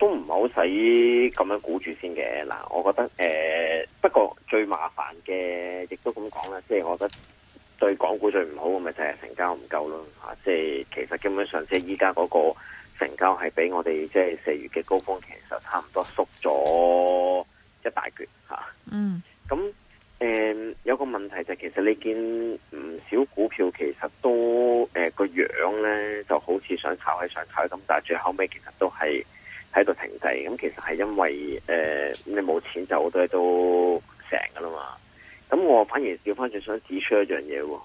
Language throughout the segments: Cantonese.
都唔好使咁樣估住先嘅。嗱，我覺得誒、呃，不過最麻煩嘅，亦都咁講啦，即係我覺得對港股最唔好嘅咪就係成交唔夠咯吓，即係其實基本上即係依家嗰個成交係比我哋即係四月嘅高峰其實差唔多縮咗一大橛吓，啊、嗯，咁誒、呃、有個問題就係、其實你見唔少股票其實都誒個、呃、樣咧就好似想炒喺上炒咁，但係最後尾其實都係。喺度停滯，咁其實係因為誒、呃，你冇錢就好多嘢都成噶啦嘛。咁我反而調翻轉想指出一樣嘢喎。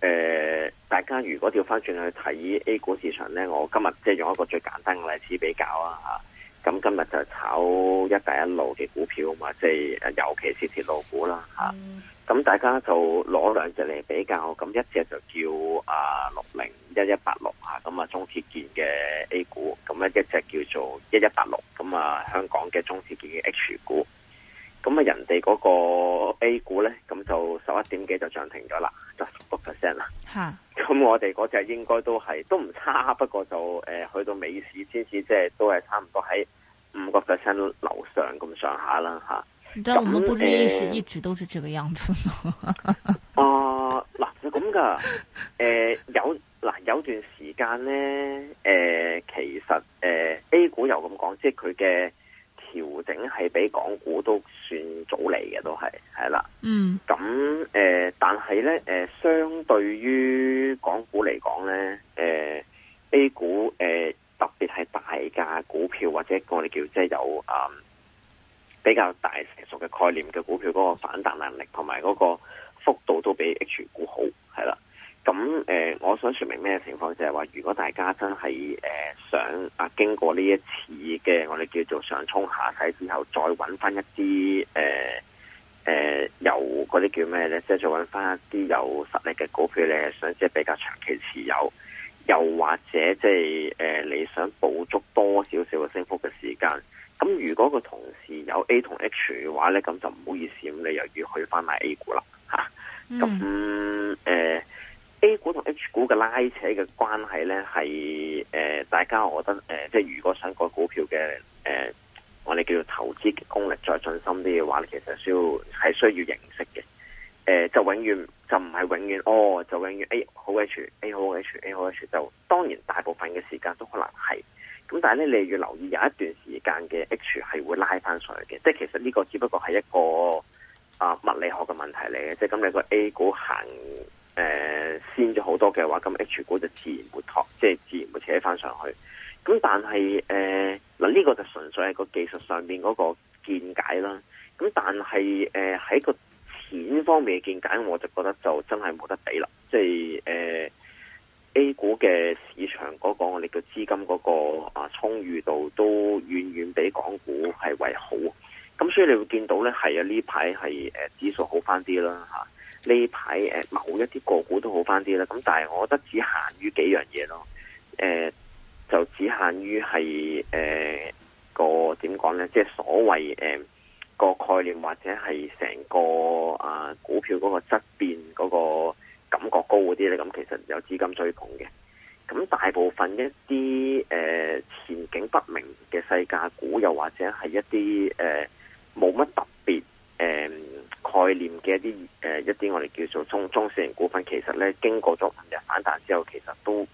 誒，大家如果調翻轉去睇 A 股市場咧，我今日即係用一個最簡單嘅例子比較啊嚇。咁今日就炒一帶一路嘅股票啊嘛，即係尤其是鐵路股啦嚇。嗯咁大家就攞兩隻嚟比較，咁一隻就叫啊六零一一八六啊，咁啊中鐵建嘅 A 股，咁咧一隻叫做一一八六，咁啊香港嘅中鐵建嘅 H 股，咁啊人哋嗰個 A 股咧，咁就十一點幾就漲停咗啦，就十個 percent 啦。吓，咁 我哋嗰隻應該都係都唔差，不過就誒、呃、去到尾市先至即係都係差唔多喺五個 percent 樓上咁上下啦，吓、啊。但係我們獨立意識一直都是這個樣子。啊，嗱，係咁噶。誒、呃，有嗱、呃，有段時間咧，誒、呃，其實誒、呃、，A 股又咁講，即係佢嘅調整係比港股都算早嚟嘅，都係係啦。嗯。咁誒、呃，但係咧，誒、呃，相對於港股嚟講咧，誒、呃、，A 股誒、呃，特別係大價股票或者我哋叫即係有啊。呃比較大成熟嘅概念嘅、那個、股票嗰個反彈能力同埋嗰個幅度都比 H 股好係啦，咁誒、呃，我想說明咩情況就係話，如果大家真係誒想啊、呃、經過呢一次嘅我哋叫做上沖下睇之後，再揾翻一啲誒誒有嗰啲叫咩咧，即係再揾翻一啲有實力嘅股票咧，想即係比較長期持有，又或者即係誒你想捕捉多少少嘅升幅嘅時間。咁如果個同事有 A 同 H 嘅話咧，咁就唔好意思咁，你又要去翻買 A 股啦，吓、嗯。咁誒、呃、A 股同 H 股嘅拉扯嘅關係咧，係誒、呃，大家我覺得誒、呃，即係如果想個股票嘅誒、呃，我哋叫做投資嘅功力再進深啲嘅話咧，其實需要係需要認識嘅。誒、呃，就永遠就唔係永遠哦，就永遠 A 好 H，A 好 H，A 好 H，就當然大部分嘅時間都可能係。咁但係咧，你要留意有一段時間嘅 H 係會拉翻上去嘅，即係其實呢個只不過係一個啊物理學嘅問題嚟嘅，即係咁你個 A 股行誒先咗好多嘅話，咁 H 股就自然會托，即係自然會扯翻上去。咁但係誒嗱呢個就純粹係個技術上面嗰個見解啦。咁但係誒喺個錢方面嘅見解，我就覺得就真係冇得比啦。即係誒。呃 A 股嘅市場嗰，那個我哋嘅資金嗰，那個啊充裕度都遠遠比港股係為好，咁所以你會見到咧係啊呢排係誒指數好翻啲啦吓，呢排誒某一啲個股都好翻啲啦，咁但係我覺得只限於幾樣嘢咯，誒、呃、就只限於係誒個點講咧，即係、就是、所謂誒、呃、個概念或者係成個啊股票嗰個質變嗰個。感覺高嗰啲呢，咁其實有資金追捧嘅。咁大部分一啲誒、呃、前景不明嘅世界股，又或者係一啲誒冇乜特別誒、呃、概念嘅一啲誒、呃、一啲我哋叫做中中小型股份，其實呢經過咗今日反彈之後，其實都唔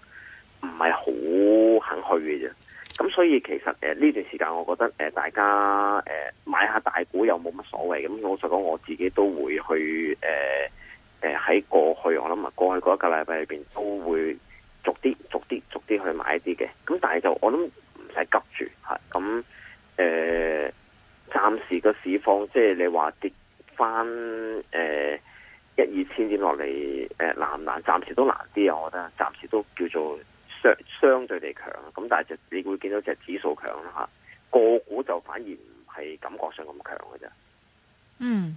係好肯去嘅啫。咁所以其實誒呢、呃、段時間，我覺得誒、呃、大家誒、呃、買下大股又冇乜所謂。咁老實講我自己都會去誒。呃誒，喺、呃、過去我諗啊，過去嗰一個禮拜裏邊都會逐啲逐啲逐啲去買一啲嘅，咁但係就我諗唔使急住吓，咁誒，暫、嗯呃、時個市況即係你話跌翻誒一二千點落嚟誒難唔難？暫時都難啲啊，我覺得暫時都叫做相相對地強，咁但係就你會見到只指數強啦吓，個股就反而唔係感覺上咁強嘅啫，嗯。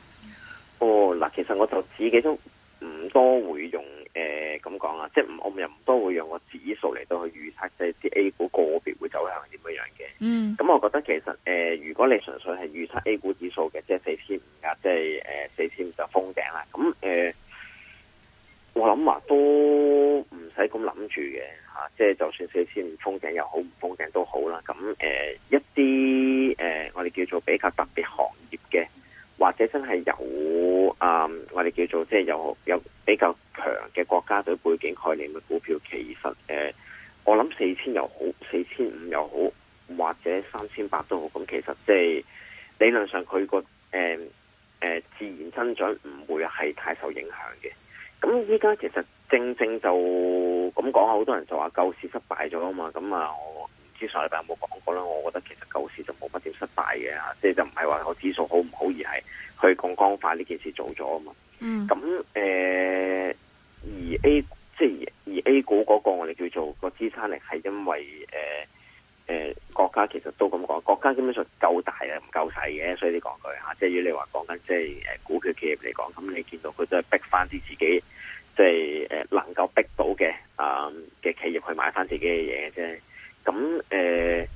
嗱、哦，其實我就自己都唔多會用誒咁講啊，即係我唔又唔多會用個指數嚟到去預測即係啲 A 股個別會走向點樣樣嘅。嗯，咁、嗯、我覺得其實誒、呃，如果你純粹係預測 A 股指數嘅，即係四千五啊，即係誒四千五就封頂啦。咁、嗯、誒、呃，我諗啊都唔使咁諗住嘅吓，即係就算四千五封頂又好，唔封頂都好啦。咁、嗯、誒、呃、一啲誒、呃、我哋叫做比較特別行業嘅。或者真係有啊、嗯，我哋叫做即係有有比較強嘅國家隊背景概念嘅股票，其實誒、呃，我諗四千又好，四千五又好，或者三千八都好，咁其實即係理論上佢個誒誒自然增長唔會係太受影響嘅。咁依家其實正正就咁講，好多人就話救市失敗咗啊嘛，咁啊。上禮拜有冇講過啦？我覺得其實救市就冇乜點失敗嘅啊，即係就唔係話我指數好唔好，而係去槓桿化呢件事做咗啊嘛。嗯。咁誒、呃，而 A 即、就、係、是、而 A 股嗰個我哋叫做個支撐力係因為誒誒、呃呃、國家其實都咁講，國家基本上夠大啊，唔夠細嘅，所以，說、啊就是、以你講句吓，即係如果你話講緊即係誒股票企業嚟講，咁你見到佢都係逼翻啲自己即係誒能夠逼到嘅啊嘅企業去買翻自己嘅嘢啫。咁誒、呃，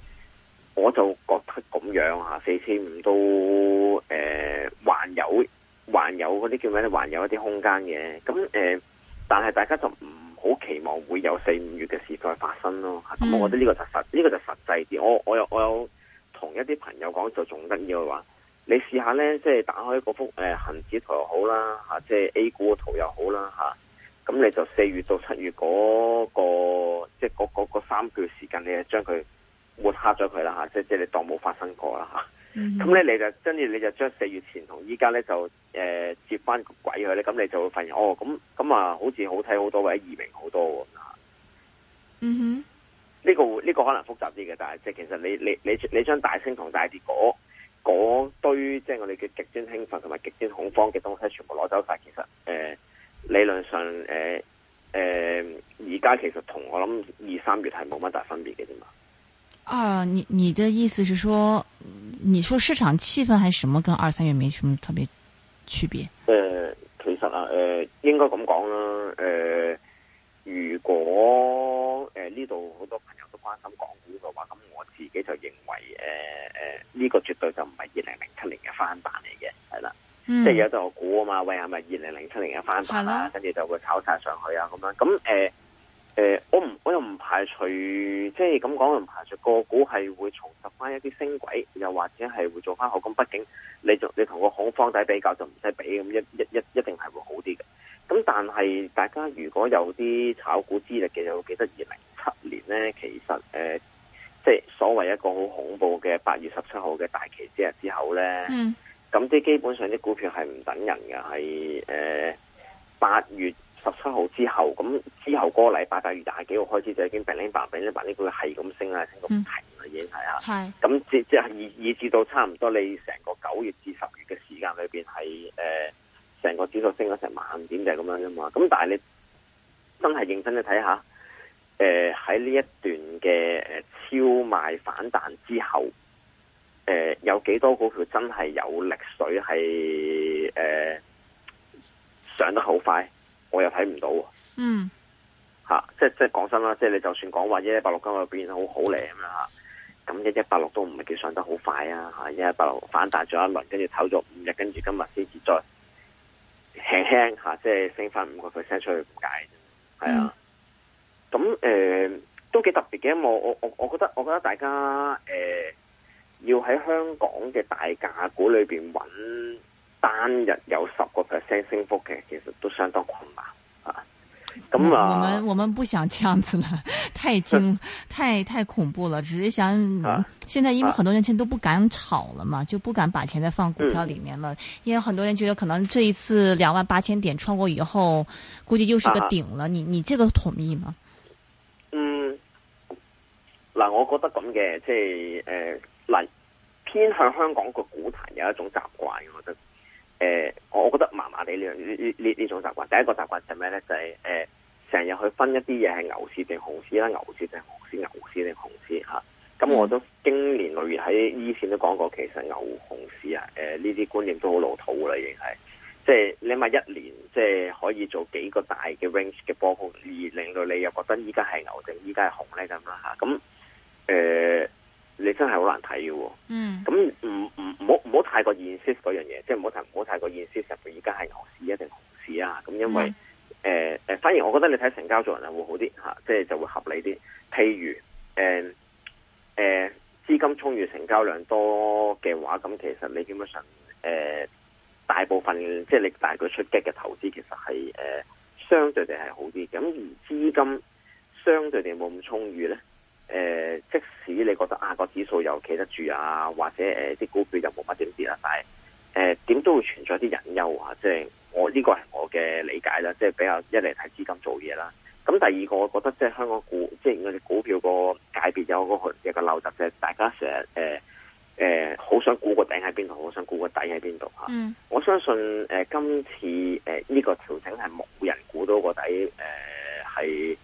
我就覺得咁樣吓，四千五都誒，還、呃、有，還有嗰啲叫咩咧？還有一啲空間嘅。咁誒、呃，但係大家就唔好期望會有四五月嘅事再發生咯。咁我覺得呢個就實，呢、這個就實際啲。我我又我有同一啲朋友講就仲得意嘅話，你試下咧，即係打開嗰幅誒、呃、恒指圖又好啦，吓、啊，即係 A 股嘅圖又好啦，吓、啊。.咁你就四月到七月嗰、那個，即係嗰三個，那個那個、個時時間、就是，你就將佢抹黑咗佢啦吓，即係即係你當冇發生過啦吓。咁咧、mm，hmm. 你就跟住你就將四月前同依家咧就誒、呃、接翻個軌去咧，咁你就會發現哦，咁咁啊，好似好睇好多或者易明好多喎。嗯哼、mm，呢、hmm. 這個呢、這個可能複雜啲嘅，但係即係其實你你你你將大升同大跌嗰堆，即、就、係、是、我哋叫極端興奮同埋極端恐慌嘅東西，全部攞走晒，其實。理論上，誒、呃、誒，而、呃、家其實同我諗二三月係冇乜大分別嘅，啫嘛？啊，你你的意思是說，你說市場氣氛還是什麼，跟二三月沒什麼特別區別？誒、呃，其實啊，誒、呃，應該咁講啦。誒、呃，如果誒呢度好多朋友都關心港股嘅話，咁我自己就認為，誒、呃、誒，呢、呃這個絕對就唔係二零零七年嘅翻版嚟嘅，係啦。嗯、即係有度估啊嘛，喂，係咪二零零七年嘅翻版啦？跟住的就會炒晒上去啊咁樣。咁誒誒，我唔我又唔排除，即係咁講，唔排除個股係會重拾翻一啲升軌，又或者係會做翻好。咁畢竟你做你同個恐慌仔比較就唔使比，咁一一一一定係會好啲嘅。咁但係大家如果有啲炒股資歷嘅，就記得二零零七年咧，其實誒、呃，即係所謂一個好恐怖嘅八月十七號嘅大期之日之後咧。嗯咁即係基本上啲股票係唔等人嘅，係誒八月十七號之後，咁之後嗰個禮拜八月廿幾號開始就已經平拎平拎平拎，佢係咁升啊，升到停啦已經係啊，咁是即即係以至到差唔多，你成個九月至十月嘅時間裏邊係誒成個指數升咗成萬點就係咁樣啫嘛。咁但係你真係認真去睇下，誒喺呢一段嘅超賣反彈之後。誒、呃，有幾多股票真係有力水係誒上得好快？我又睇唔到，啊。嗯，吓、啊，即係即係講真啦，即係你就算講話一一八六今日表現得好好靚，咁咁一一八六都唔係叫上得好快啊吓，一一八六反彈咗一輪，跟住唞咗五日，跟住今日先至再輕輕吓，即係升返五個 percent 出去唔解，係啊。咁誒、嗯啊呃、都幾特別嘅，我我我我覺得，我覺得大家誒。呃要喺香港嘅大價股裏邊揾單日有十個 percent 升幅嘅，其實都相當困難啊！咁、嗯、啊，我們我們不想這樣子了太驚，啊、太太恐怖了只是想，啊、現在因為很多人現在都不敢炒了嘛，啊、就不敢把錢再放股票裏面了、嗯、因為很多人覺得可能這一次兩萬八千點穿過以後，估計又是個頂了、啊、你你這個同意嗎？嗯，嗱，我覺得咁嘅，即係誒。呃嗱，偏向香港個股壇有一種習慣，我覺得，誒、呃，我覺得麻麻地呢樣呢呢呢種習慣。第一個習慣就係咩咧？就係、是、誒，成、呃、日去分一啲嘢係牛市定熊市啦，牛市定熊市，牛市定熊市嚇。咁、啊嗯、我都經年累月喺以前都講過，其實牛熊市啊，誒呢啲觀念都好老土啦，已經係，即、就、係、是、你咪一年，即、就、係、是、可以做幾個大嘅 range 嘅波幅，而令到你又覺得依家係牛定依家係熊咧咁啦嚇。咁誒。啊嗯呃你真係好難睇嘅，咁唔唔唔好唔好太過 insist 嗰樣嘢，即係唔好太唔好太過 insist，而家係牛市一定熊市啊，咁因為誒誒、嗯呃，反而我覺得你睇成交做人又會好啲吓、啊，即係就會合理啲。譬如誒誒，資、呃呃、金充裕成交量多嘅話，咁其實你基本上誒大部分即係、就是、你大佢出擊嘅投資，其實係誒、呃、相對地係好啲。咁而資金相對地冇咁充裕咧。誒、呃，即使你覺得啊，個指數又企得住啊，或者誒啲、呃那個，股票又冇乜點跌啊，但係誒點都會存在啲隱憂啊！即、就、係、是、我呢、這個係我嘅理解啦，即、就、係、是、比較一嚟睇資金做嘢啦。咁第二個，我覺得即係香港股，即係我哋股票界別個界別有個有個陋習，即、就、係、是、大家成日誒誒好想估個頂喺邊度，好想估個底喺邊度吓。啊嗯、我相信誒、呃、今次誒呢、呃這個調整係冇人估到個底誒係。呃是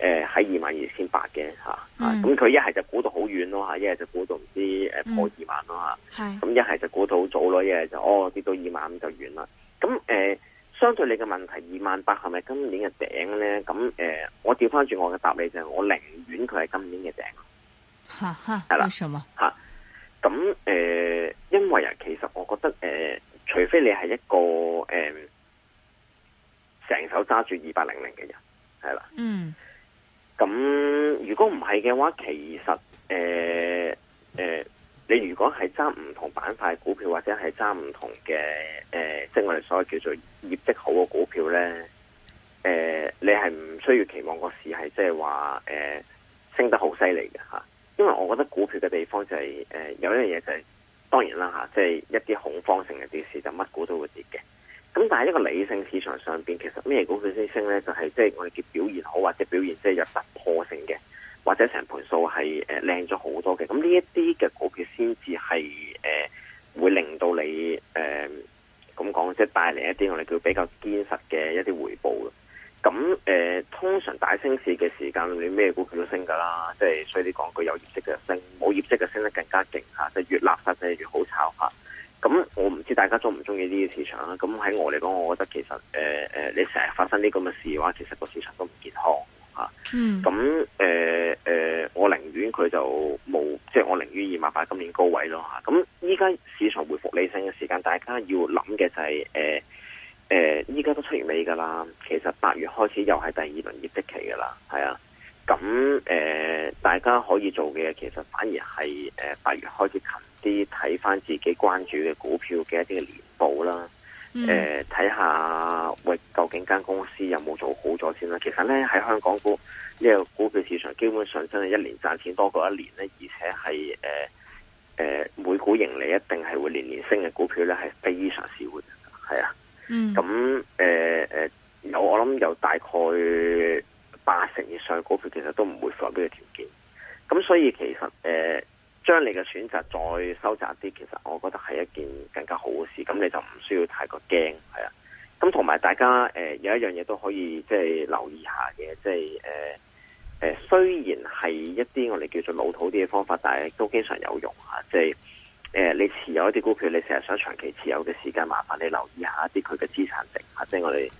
誒，喺二萬二千八嘅吓，咁佢一係就估到好遠咯吓，一、啊、係就估到唔知誒、啊、破二萬咯吓，咁一係就估到好早咯，一係就哦跌到二萬五就遠啦。咁誒、呃，相對你嘅問題，二萬八係咪今年嘅頂咧？咁誒、呃，我調翻轉我嘅答你就係、是，我寧願佢係今年嘅頂。係哈啦，為什麼？吓、啊，咁誒、呃，因為啊，其實我覺得誒、呃，除非你係一個誒，成、呃、手揸住二八零零嘅人，係啦，嗯。咁如果唔係嘅話，其實誒誒、呃呃，你如果係揸唔同板塊股票，或者係揸唔同嘅誒，即、呃、係、就是、我哋所謂叫做業績好嘅股票咧，誒、呃，你係唔需要期望個市係即係話誒升得好犀利嘅吓，因為我覺得股票嘅地方就係、是、誒、呃、有一樣嘢，就係、是，當然啦吓，即、啊、係、就是、一啲恐慌性嘅跌市就乜股都會跌嘅。咁但係一個理性市場上邊，其實咩股票先升咧？就係即係我哋叫表現好，或者表現即係有突破性嘅，或者成盤數係誒靚咗好多嘅。咁呢一啲嘅股票先至係誒會令到你誒咁講，即係帶嚟一啲我哋叫比較堅實嘅一啲回報咯。咁誒、呃，通常大升市嘅時間，你咩股票都升噶啦。即係所以啲講句，有業績嘅升，冇業績嘅升得更加勁吓。即係越垃圾就越好炒吓。咁我唔知大家中唔中意呢啲市場啦。咁喺我嚟講，我覺得其實誒誒、呃呃，你成日發生啲咁嘅事嘅話，其實個市場都唔健康吓。咁誒誒，我寧願佢就冇，即係我寧願二萬八今年高位咯吓。咁依家市場回復理性嘅時間，大家要諗嘅就係誒誒，依家都出完尾噶啦。其實八月開始又係第二輪業績期噶啦，係啊。咁誒、呃，大家可以做嘅其實反而係誒八月開始近啲睇翻自己關注嘅股票嘅一啲嘅年報啦。誒、嗯，睇、呃、下喂，究竟間公司有冇做好咗先啦。其實咧喺香港股呢個股票市場，基本上真係一年賺錢多過一年咧，而且係誒誒每股盈利一定係會年年升嘅股票咧，係非常少嘅。係啊，嗯，咁誒誒，有、呃呃、我諗有大概。八成以上嘅股票其實都唔會符合呢個條件，咁所以其實誒，將、呃、你嘅選擇再收窄啲，其實我覺得係一件更加好嘅事。咁你就唔需要太過驚，係啊。咁同埋大家誒、呃，有一樣嘢都可以即係留意下嘅，即係誒誒，雖然係一啲我哋叫做老土啲嘅方法，但係都經常有用吓、啊。即係誒、呃，你持有一啲股票，你成日想長期持有嘅時間，麻煩你留意下一啲佢嘅資產值，或者我哋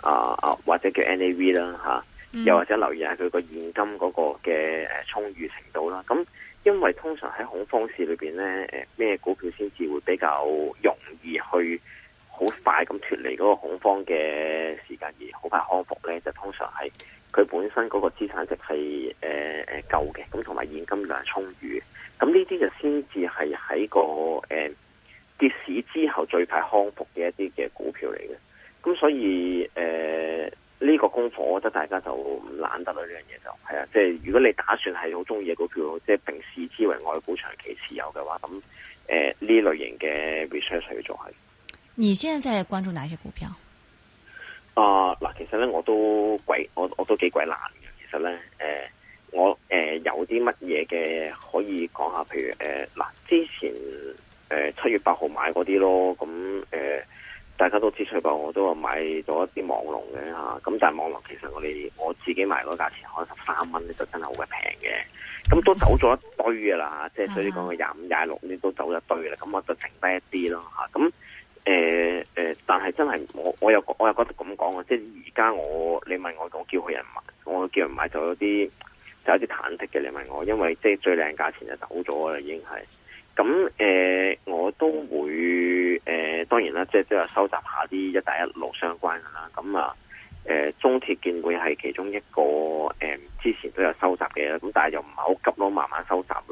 啊啊，或者叫 NAV 啦、啊，吓。又、嗯、或者留意下佢個現金嗰個嘅誒充裕程度啦。咁因為通常喺恐慌市裏邊咧，誒咩股票先至會比較容易去好快咁脫離嗰個恐慌嘅時間而好快康復咧？就通常係佢本身嗰個資產值係誒誒夠嘅，咁同埋現金量係充裕。咁呢啲就先至係喺個誒、呃、跌市之後最快的康復嘅一啲嘅股票嚟嘅。咁所以誒。呃呢個功課，我覺得大家就唔懶得啦呢樣嘢就係啊，即係如果你打算係好中意嘅股票，即係並視之為外股長期持有嘅話，咁誒呢類型嘅 research 係要做係。你現在關注哪些股票？啊嗱、呃，其實咧我都鬼，我我都幾鬼難嘅。其實咧，誒、呃、我誒、呃、有啲乜嘢嘅可以講下，譬如誒嗱、呃、之前誒七、呃、月八號買嗰啲咯，咁、呃、誒。大家都知趣啩，我都話買咗一啲網龍嘅，咁但係網龍其實我哋我自己買嗰價錢可能十三蚊呢就真係好鬼平嘅，咁都走咗一堆嘅啦，即係所以講佢廿五廿六呢都走一堆啦，咁我就剩低一啲咯，咁但係、呃呃、真係我我又我又覺得咁講即係而家我你問我，我叫佢人買，我叫人買咗啲就有一啲忐忑嘅，你問我，因為即係最靚價錢就走咗啦，已經係。咁誒、呃，我都會誒、呃，當然啦，即係都有收集下啲一帶一路相關嘅啦。咁啊，誒、呃，中鐵建會係其中一個誒、呃，之前都有收集嘅。咁但係又唔係好急咯，慢慢收集啦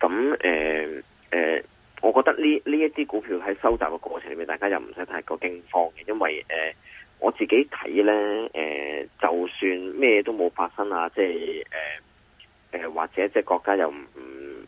吓。咁誒誒，我覺得呢呢一啲股票喺收集嘅過程裏面，大家又唔使太過驚慌嘅，因為誒、呃，我自己睇咧誒，就算咩都冇發生啊，即係誒誒，或者即係國家又唔。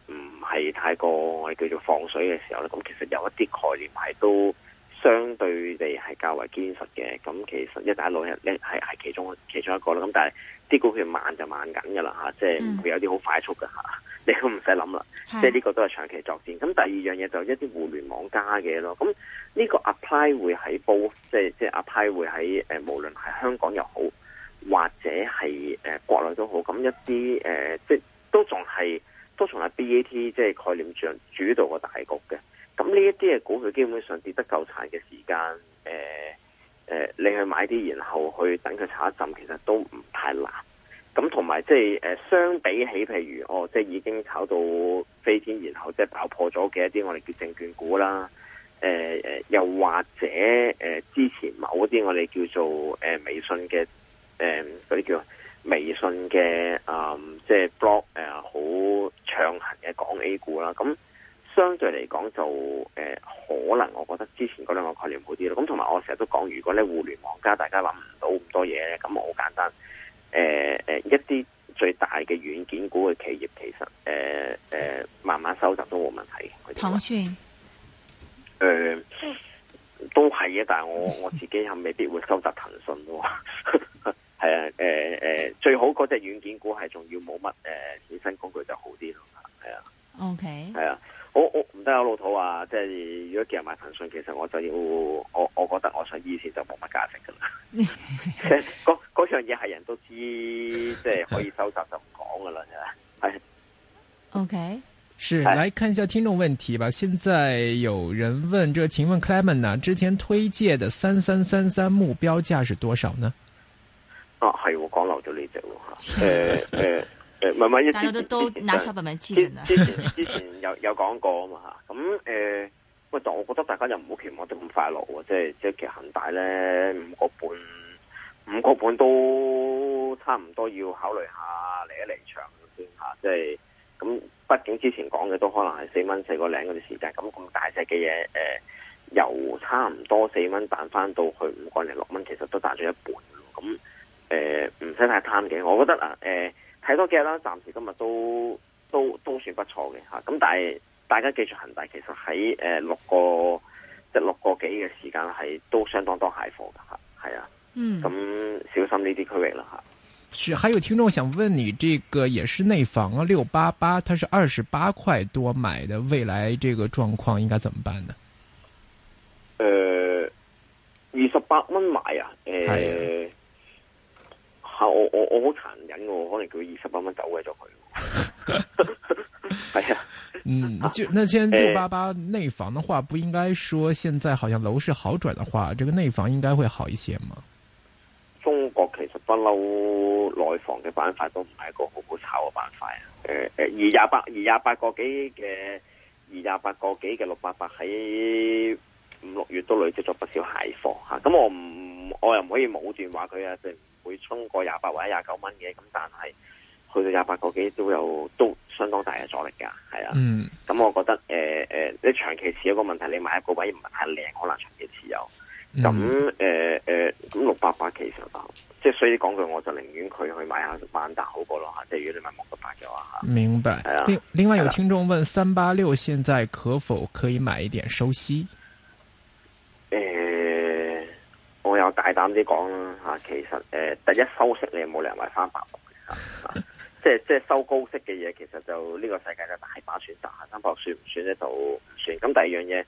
唔係太過我哋叫做放水嘅時候咧，咁其實有一啲概念係都相對地係較為堅實嘅。咁其實一帶一路咧係其中其中一個啦。咁但係啲股票慢就慢緊㗎啦，即係唔會有啲好快速㗎。嗯、你都唔使諗啦，即係呢個都係長期作戰。咁第二樣嘢就一啲互聯網加嘅咯。咁呢個 apply 會喺報、就是，即、就、係、是、即係 apply 會喺誒，無論係香港又好，或者係國內都好，咁一啲即係都仲係。都從係 BAT 即係概念上主導個大局嘅，咁呢一啲嘅股佢基本上跌得夠殘嘅時間、呃，誒、呃、誒，你去買啲，然後去等佢查一浸，其實都唔太難還有、就是。咁同埋即係誒，相比起譬如哦，即係已經炒到飛天，然後即係爆破咗嘅一啲我哋叫證券股啦，誒誒，又或者誒、呃、之前某啲我哋叫做誒微信嘅誒嗰啲叫。微信嘅啊，即係 blog 誒，好、就、暢、是呃、行嘅講 A 股啦。咁、嗯、相對嚟講就誒、呃，可能我覺得之前嗰兩個概念好啲咯。咁同埋我成日都講，如果咧互聯網加大家諗唔到咁多嘢咧，咁好簡單。誒、呃、誒、呃，一啲最大嘅軟件股嘅企業，其實誒誒、呃呃，慢慢收集都冇問題。騰訊誒，都係嘅，但係我我自己係未必會收集騰訊咯。 係啊，誒誒，最好嗰隻軟件股係仲要冇乜誒衍生工具就好啲啦。係啊，OK，係啊，我我唔得啊，老土話，即係如果夾埋買騰訊，其實我就要我我覺得我想以前就冇乜價值噶啦。嗰嗰樣嘢係人都知，即係可以收集就唔講噶啦，係咪？OK，是，okay. 是來看一下聽眾問題吧。現在有人問這，這請問 Clement 呢、啊？之前推介的三三三三目標價是多少呢？哦，係我講漏咗呢隻喎吓，誒誒誒，唔係唔係，但係都都拿手筆之前之前，之前有有講過嘛啊嘛吓，咁、啊、誒，不過我覺得大家又唔好期望得咁快樂喎，即係即係其實恒大咧五個半，五個半都差唔多要考慮下嚟一嚟場先吓、啊，即係咁。畢、啊、竟之前講嘅都可能係四蚊四個零嗰啲時間，咁咁大隻嘅嘢誒，由、啊、差唔多四蚊彈翻到去五個零六蚊，其實都彈咗一半咁。啊誒，唔使、呃、太貪嘅，我覺得啊，誒、呃，睇多幾日啦，暫時今日都都都算不錯嘅吓，咁、啊、但係大家記住恒大其實喺誒六個即係六個幾嘅時間係都相當多蟹貨嘅吓，係啊，啊嗯，咁、嗯、小心呢啲區域啦吓。啊、是，還有聽眾想問你，這個也是內房啊，六八八，它是二十八塊多買的，未來這個狀況應該怎麼辦呢？誒、呃，二十八蚊買啊，誒、呃，係。吓我我我好殘忍、哦、可能佢二十八蚊走鬼咗佢。係 啊，嗯，那就那先六八八內房嘅話，不應該說現在好像樓市好轉的話，這個內房應該會好一些嗎？中國其實不嬲內房嘅板塊都唔係一個好好炒嘅板塊啊。誒、呃、誒，二廿八二廿八個幾嘅二廿八個幾嘅六八八喺五六月都累積咗不少蟹貨吓，咁、啊嗯、我唔我又唔可以武斷話佢啊！即係。會衝過廿八或者廿九蚊嘅，咁但係去到廿八個幾都有都相當大嘅阻力噶，係啊，咁、嗯嗯嗯、我覺得誒誒、呃呃，你長期持有個問題，你買一個位唔係太靚，可能長期持有，咁誒誒，咁、嗯嗯、六百八其實即係所以講句，我就寧願佢去買下萬達好過咯吓，即係如果你買六百八嘅話吓。明白。另另外有聽眾問：三八六現在可否可以買一點收息？誒。嗯嗯我又大膽啲講啦嚇，其實誒、呃、第一收息你冇理由賣翻三百六嘅嚇，即係即係收高息嘅嘢，其實就呢、這個世界就大把選擇，但三百六算唔算得到？唔 算，算。咁第二樣嘢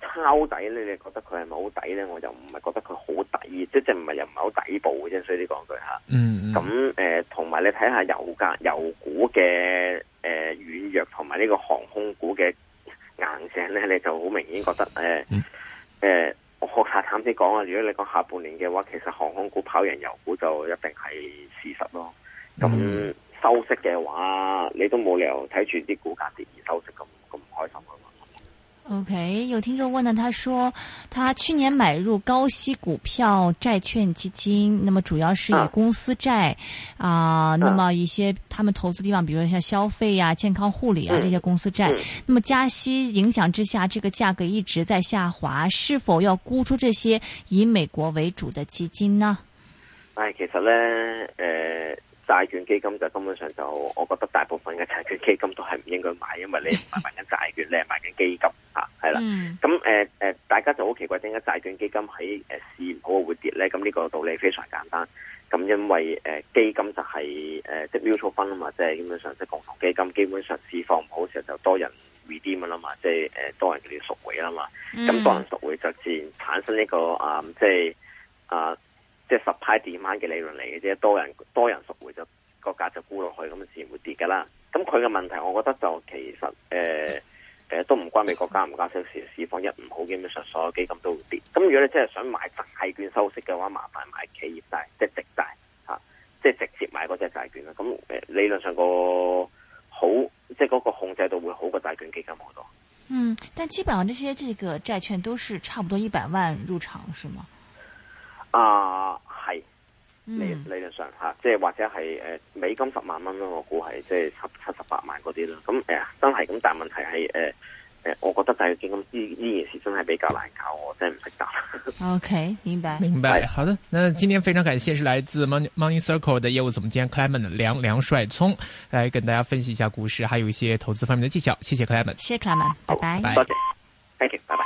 抄底咧，你覺得佢係咪好底咧？我就唔係覺得佢好底，即係即係唔係又唔係好底部嘅啫。所以啲講句嚇，嗯，嗯，咁誒同埋你睇下油價、油股嘅誒、呃、軟弱，同埋呢個航空股嘅硬性咧，你就好明顯覺得誒誒。呃嗯呃確實，坦白講啊，如果你講下半年嘅話，其實航空股跑贏油股就一定係事實咯。咁收息嘅話，你都冇理由睇住啲股價跌而收息咁咁唔開心。OK，有聽眾問呢，他說他去年買入高息股票、債券基金，那麼主要是以公司債啊，啊，那麼一些他們投資地方，比如說像消費呀、啊、健康護理啊、嗯、這些公司債。嗯、那麼加息影響之下，這個價格一直在下滑，是否要沽出這些以美國為主的基金呢？唉，其實呢，誒、呃，債券基金就根本上就我覺得大部分嘅債券基金都係唔應該買，因為你買緊債券，你係買緊基金。 係啦，咁誒誒，大家就好奇怪，點解債券基金喺誒、呃、市唔好會跌咧？咁呢個道理非常簡單，咁因為誒、呃、基金就係、是、誒、呃、即係 mutual fund 啊嘛，即係基本上即係共同基金，基本上市況唔好時候就多人 redeem 啦嘛，即係誒、呃、多人叫你贖回啦嘛，咁、嗯、多人贖回就自然產生呢、這個啊、呃、即係啊、呃、即係 supply demand 嘅理論嚟嘅啫，多人多人贖回就個價就沽落去，咁就自然會跌噶啦。咁佢嘅問題，我覺得就其實誒。呃誒，都唔關美國加唔加息事，市況一唔好，基本上所有基金都會跌。咁如果你真係想買債券收息嘅話，麻煩買企業債，即、就、係、是、直債，吓、啊，即、就、係、是、直接買嗰隻債券啦。咁誒、呃，理論上個好，即係嗰個控制度會好過債券基金好多。嗯，但基本上呢些這個債券都是差唔多一百萬入場，是嗎？啊，係、嗯、理理論上吓，即、啊、係或者係誒、呃、美金十萬蚊咯，我估係即係咁誒、嗯哎、真係咁，但問題係誒誒，我覺得但係，呢呢件事真係比較難搞，我真係唔識答。OK，明白 明白，好的。那今天非常感謝，是來自 Money Money Circle 的業務總監 Clement 梁梁帥聰，來跟大家分析一下股市，還有一些投資方面的技巧。謝謝 Clement，謝謝 Clement，拜拜拜，拜 Thank you，拜，拜。